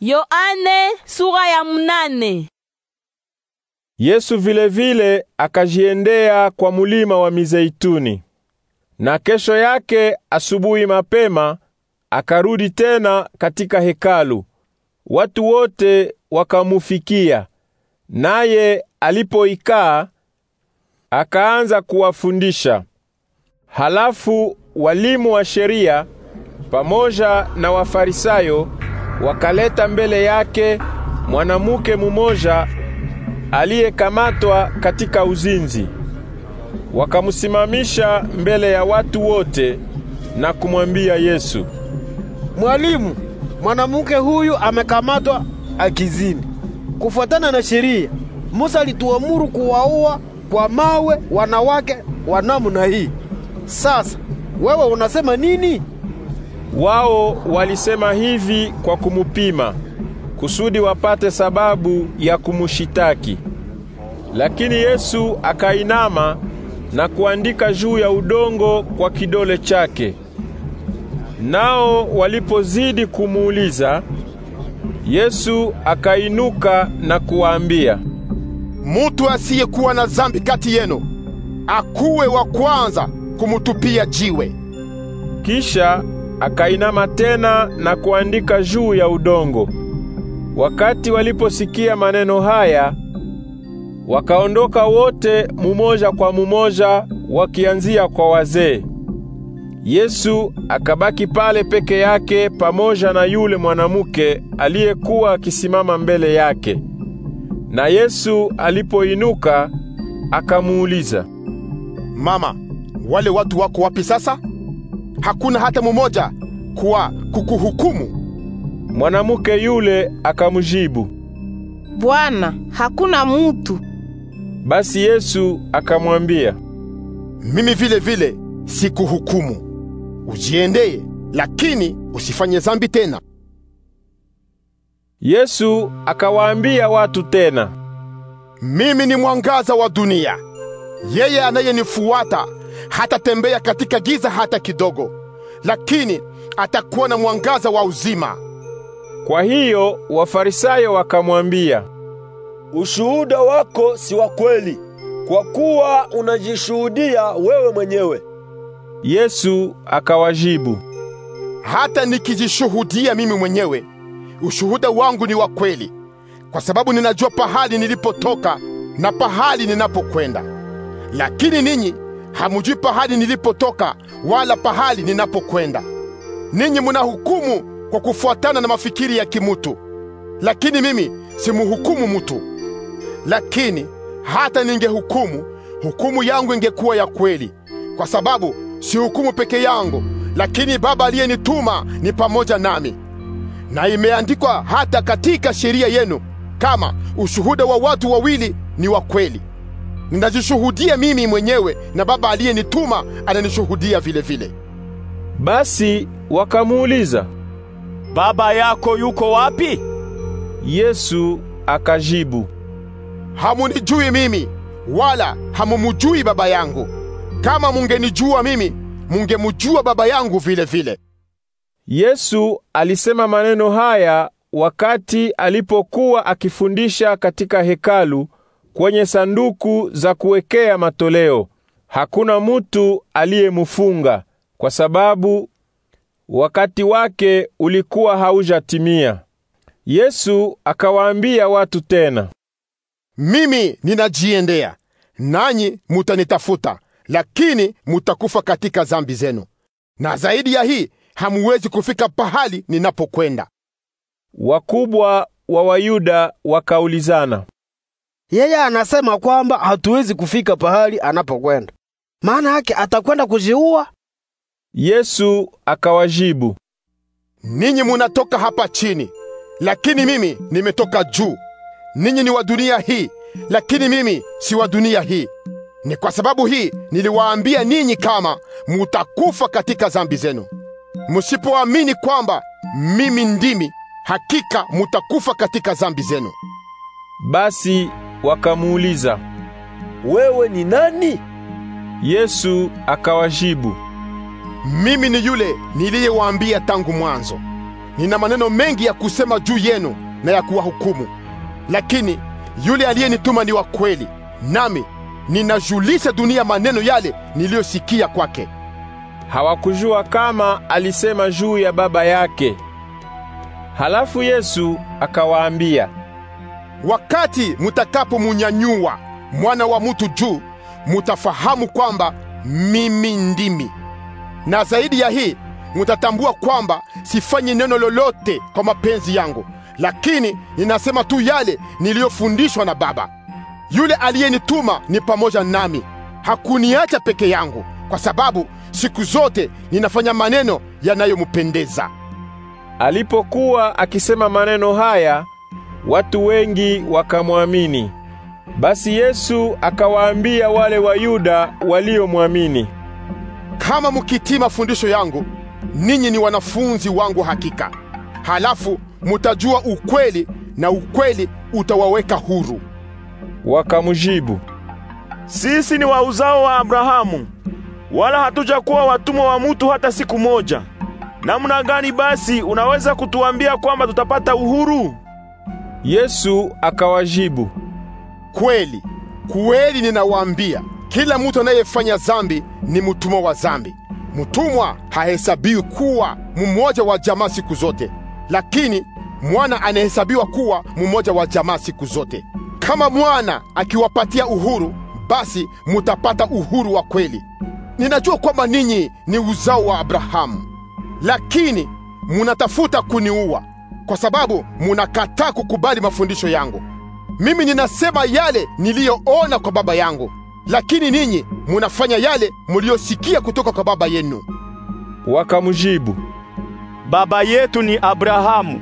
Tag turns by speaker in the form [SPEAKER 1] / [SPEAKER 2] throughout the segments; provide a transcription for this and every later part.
[SPEAKER 1] Yoane sura ya mnane. Yesu vile akajiendea kwa mulima wa Mizeituni, na kesho yake asubuhi mapema akarudi tena katika hekalu. Watu wote wakamufikia, naye alipoikaa akaanza kuwafundisha. Halafu walimu wa sheria pamoja na Wafarisayo wakaleta mbele yake mwanamuke mumoja aliyekamatwa katika uzinzi. Wakamsimamisha mbele ya watu wote na kumwambia Yesu, Mwalimu, mwanamke huyu amekamatwa akizini. Kufuatana na sheria, Musa alituamuru kuwaua kwa mawe wanawake wa namna hii. Sasa wewe unasema nini? Wao walisema hivi kwa kumupima, kusudi wapate sababu ya kumushitaki. Lakini Yesu akainama na kuandika juu ya udongo kwa kidole chake. Nao walipozidi kumuuliza, Yesu akainuka na kuwaambia, mutu asiyekuwa na zambi kati yenu akuwe wa kwanza kumutupia jiwe. Kisha akainama tena na kuandika juu ya udongo. Wakati waliposikia maneno haya, wakaondoka wote mumoja kwa mumoja, wakianzia kwa wazee. Yesu akabaki pale peke yake pamoja na yule mwanamke aliyekuwa akisimama mbele yake. Na Yesu alipoinuka akamuuliza, Mama, wale watu wako wapi sasa? hakuna hata mmoja kwa kukuhukumu? Mwanamke yule akamjibu, Bwana, hakuna mutu. Basi Yesu akamwambia, mimi vile vile sikuhukumu. Ujiendeye, lakini usifanye zambi tena. Yesu akawaambia watu tena, mimi ni mwangaza wa dunia. Yeye anayenifuata hatatembea katika giza hata kidogo, lakini atakuwa na mwangaza wa uzima. Kwa hiyo Wafarisayo wakamwambia, ushuhuda wako si wa kweli, kwa kuwa unajishuhudia wewe mwenyewe. Yesu akawajibu, hata nikijishuhudia mimi mwenyewe, ushuhuda wangu ni wa kweli, kwa sababu ninajua pahali nilipotoka na pahali ninapokwenda. Lakini ninyi Hamujui pahali nilipotoka wala pahali ninapokwenda. Ninyi munahukumu kwa kufuatana na mafikiri ya kimutu, lakini mimi simuhukumu mutu. Lakini hata ningehukumu, hukumu yangu ingekuwa ya kweli, kwa sababu si hukumu peke yangu, lakini Baba aliyenituma ni pamoja nami. Na imeandikwa hata katika sheria yenu kama ushuhuda wa watu wawili ni wa kweli ninajishuhudia mimi mwenyewe na Baba aliyenituma ananishuhudia vile vile. Basi wakamuuliza, baba yako yuko wapi? Yesu akajibu, hamunijui mimi wala hamumujui Baba yangu. Kama mungenijua mimi, mungemujua Baba yangu vile vile. Yesu alisema maneno haya wakati alipokuwa akifundisha katika hekalu kwenye sanduku za kuwekea matoleo. Hakuna mutu aliyemufunga kwa sababu wakati wake ulikuwa haujatimia. Yesu akawaambia watu tena, mimi ninajiendea, nanyi mutanitafuta, lakini mutakufa katika zambi zenu, na zaidi ya hii hamuwezi kufika pahali ninapokwenda. Wakubwa wa Wayuda wakaulizana, yeye anasema kwamba hatuwezi kufika pahali anapokwenda, maana yake atakwenda kujiua. Yesu akawajibu, ninyi munatoka hapa chini, lakini mimi nimetoka juu. Ninyi ni wa dunia hii, lakini mimi si wa dunia hii. Ni kwa sababu hii niliwaambia ninyi kama mutakufa katika zambi zenu. Musipoamini kwamba mimi ndimi, hakika mutakufa katika zambi zenu. Basi wakamuuliza, wewe ni nani? Yesu akawajibu, mimi ni yule niliyewaambia tangu mwanzo. Nina maneno mengi ya kusema juu yenu na ya kuwahukumu, lakini yule aliyenituma ni wa kweli, nami ninajulisha dunia maneno yale niliyosikia kwake. Hawakujua kama alisema juu ya Baba yake. Halafu Yesu akawaambia, Wakati mutakapomunyanyua mwana wa mutu juu, mutafahamu kwamba mimi ndimi, na zaidi ya hii mutatambua kwamba sifanyi neno lolote kwa mapenzi yangu, lakini ninasema tu yale niliyofundishwa na Baba. Yule aliyenituma ni pamoja nami, hakuniacha peke yangu, kwa sababu siku zote ninafanya maneno yanayomupendeza Alipokuwa akisema maneno haya, watu wengi wakamwamini. Basi Yesu akawaambia wale Wayuda waliomwamini, kama mukitii mafundisho yangu, ninyi ni wanafunzi wangu hakika. Halafu mutajua ukweli na ukweli utawaweka huru. Wakamjibu, sisi ni wa uzao wa Abrahamu, wala hatujakuwa watumwa wa mutu hata siku moja. Namna gani basi unaweza kutuambia kwamba tutapata uhuru? Yesu akawajibu, kweli kweli ninawaambia, kila mtu anayefanya zambi ni mtumwa wa zambi Mtumwa hahesabiwi kuwa mmoja wa jamaa siku zote, lakini mwana anahesabiwa kuwa mmoja wa jamaa siku zote. Kama mwana akiwapatia uhuru, basi mutapata uhuru wa kweli. Ninajua kwamba ninyi ni uzao wa Abrahamu, lakini munatafuta kuniua kwa sababu munakataa kukubali mafundisho yangu. Mimi ninasema yale niliyoona kwa Baba yangu, lakini ninyi munafanya yale muliyosikia kutoka kwa baba yenu. Wakamjibu, baba yetu ni Abrahamu.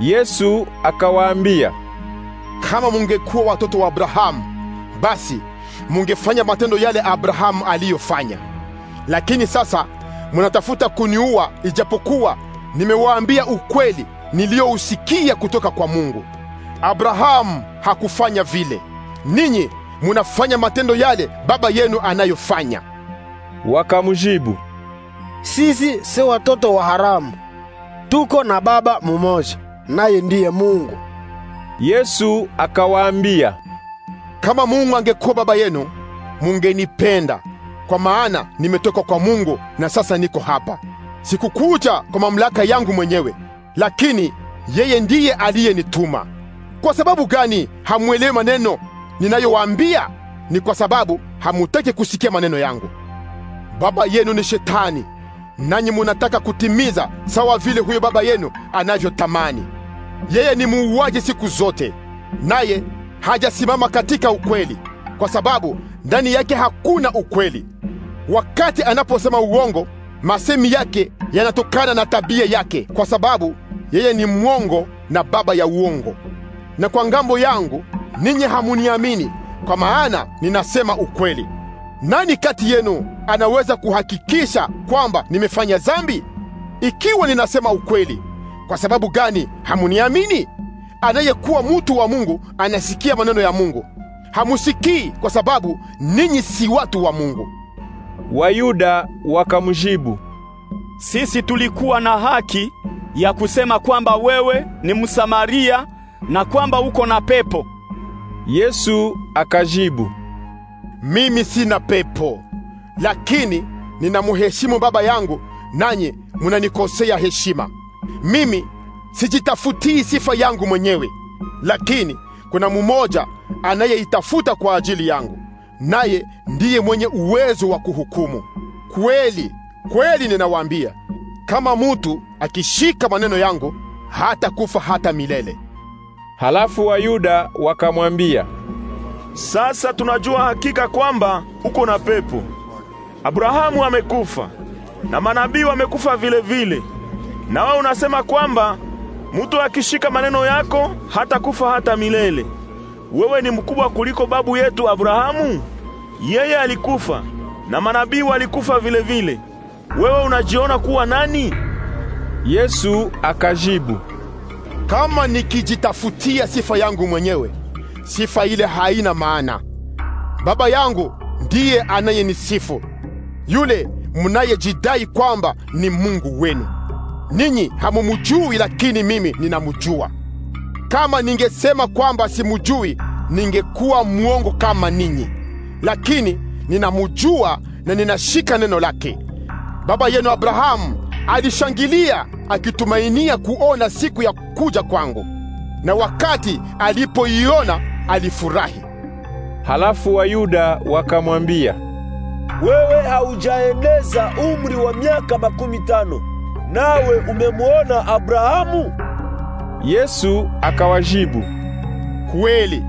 [SPEAKER 1] Yesu akawaambia, kama mungekuwa watoto wa Abrahamu, basi mungefanya matendo yale Abrahamu aliyofanya. Lakini sasa munatafuta kuniua, ijapokuwa nimewaambia ukweli niliyousikia kutoka kwa Mungu. Abrahamu hakufanya vile, ninyi munafanya matendo yale baba yenu anayofanya. Wakamjibu, sisi si watoto wa haramu, tuko na baba mumoja, naye ndiye Mungu. Yesu akawaambia, kama Mungu angekuwa baba yenu, mungenipenda kwa maana nimetoka kwa Mungu na sasa niko hapa. Sikukuja kwa mamlaka yangu mwenyewe lakini yeye ndiye aliyenituma. Kwa sababu gani hamwelewi maneno ninayowaambia? Ni kwa sababu hamutaki kusikia maneno yangu. Baba yenu ni Shetani, nanyi munataka kutimiza sawa vile huyo baba yenu anavyotamani. Yeye ni muuaji siku zote, naye hajasimama katika ukweli, kwa sababu ndani yake hakuna ukweli. Wakati anaposema uongo, masemi yake yanatokana na tabia yake, kwa sababu yeye ni mwongo na baba ya uongo. Na kwa ngambo yangu ninyi hamuniamini, kwa maana ninasema ukweli. Nani kati yenu anaweza kuhakikisha kwamba nimefanya dhambi? Ikiwa ninasema ukweli, kwa sababu gani hamuniamini? Anayekuwa mtu wa Mungu anasikia maneno ya Mungu. Hamusikii kwa sababu ninyi si watu wa Mungu. Wayuda wakamjibu, sisi tulikuwa na haki ya kusema kwamba wewe ni Msamaria na kwamba uko na pepo? Yesu akajibu, mimi sina pepo, lakini ninamheshimu Baba yangu, nanyi munanikosea heshima. Mimi sijitafutii sifa yangu mwenyewe, lakini kuna mumoja anayeitafuta kwa ajili yangu, naye ndiye mwenye uwezo wa kuhukumu. Kweli kweli ninawaambia, kama mutu akishika maneno yangu hata kufa hata milele. Halafu Wayuda wakamwambia, sasa tunajua hakika kwamba uko na pepo. Abrahamu amekufa na manabii wamekufa vile vile, na wewe unasema kwamba mutu akishika maneno yako hata kufa hata milele. Wewe ni mkubwa kuliko babu yetu Abrahamu? Yeye alikufa na manabii walikufa vile vile wewe unajiona kuwa nani? Yesu akajibu, kama nikijitafutia sifa yangu mwenyewe, sifa ile haina maana. Baba yangu ndiye anayenisifu, yule mnayejidai kwamba ni Mungu wenu. Ninyi hamumujui, lakini mimi ninamujua. Kama ningesema kwamba simujui, ningekuwa mwongo kama ninyi, lakini ninamujua na ninashika neno lake baba yenu Abrahamu alishangilia akitumainia kuona siku ya kuja kwangu, na wakati alipoiona alifurahi. Halafu Wayuda wakamwambia, wewe haujaeneza umri wa miaka makumi tano nawe umemwona Abrahamu? Yesu akawajibu, kweli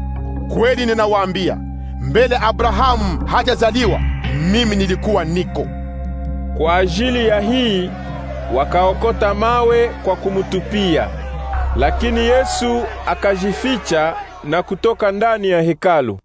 [SPEAKER 1] kweli ninawaambia, mbele Abrahamu hajazaliwa mimi nilikuwa niko. Kwa ajili ya hii wakaokota mawe kwa kumutupia, lakini Yesu akajificha na kutoka ndani ya hekalu.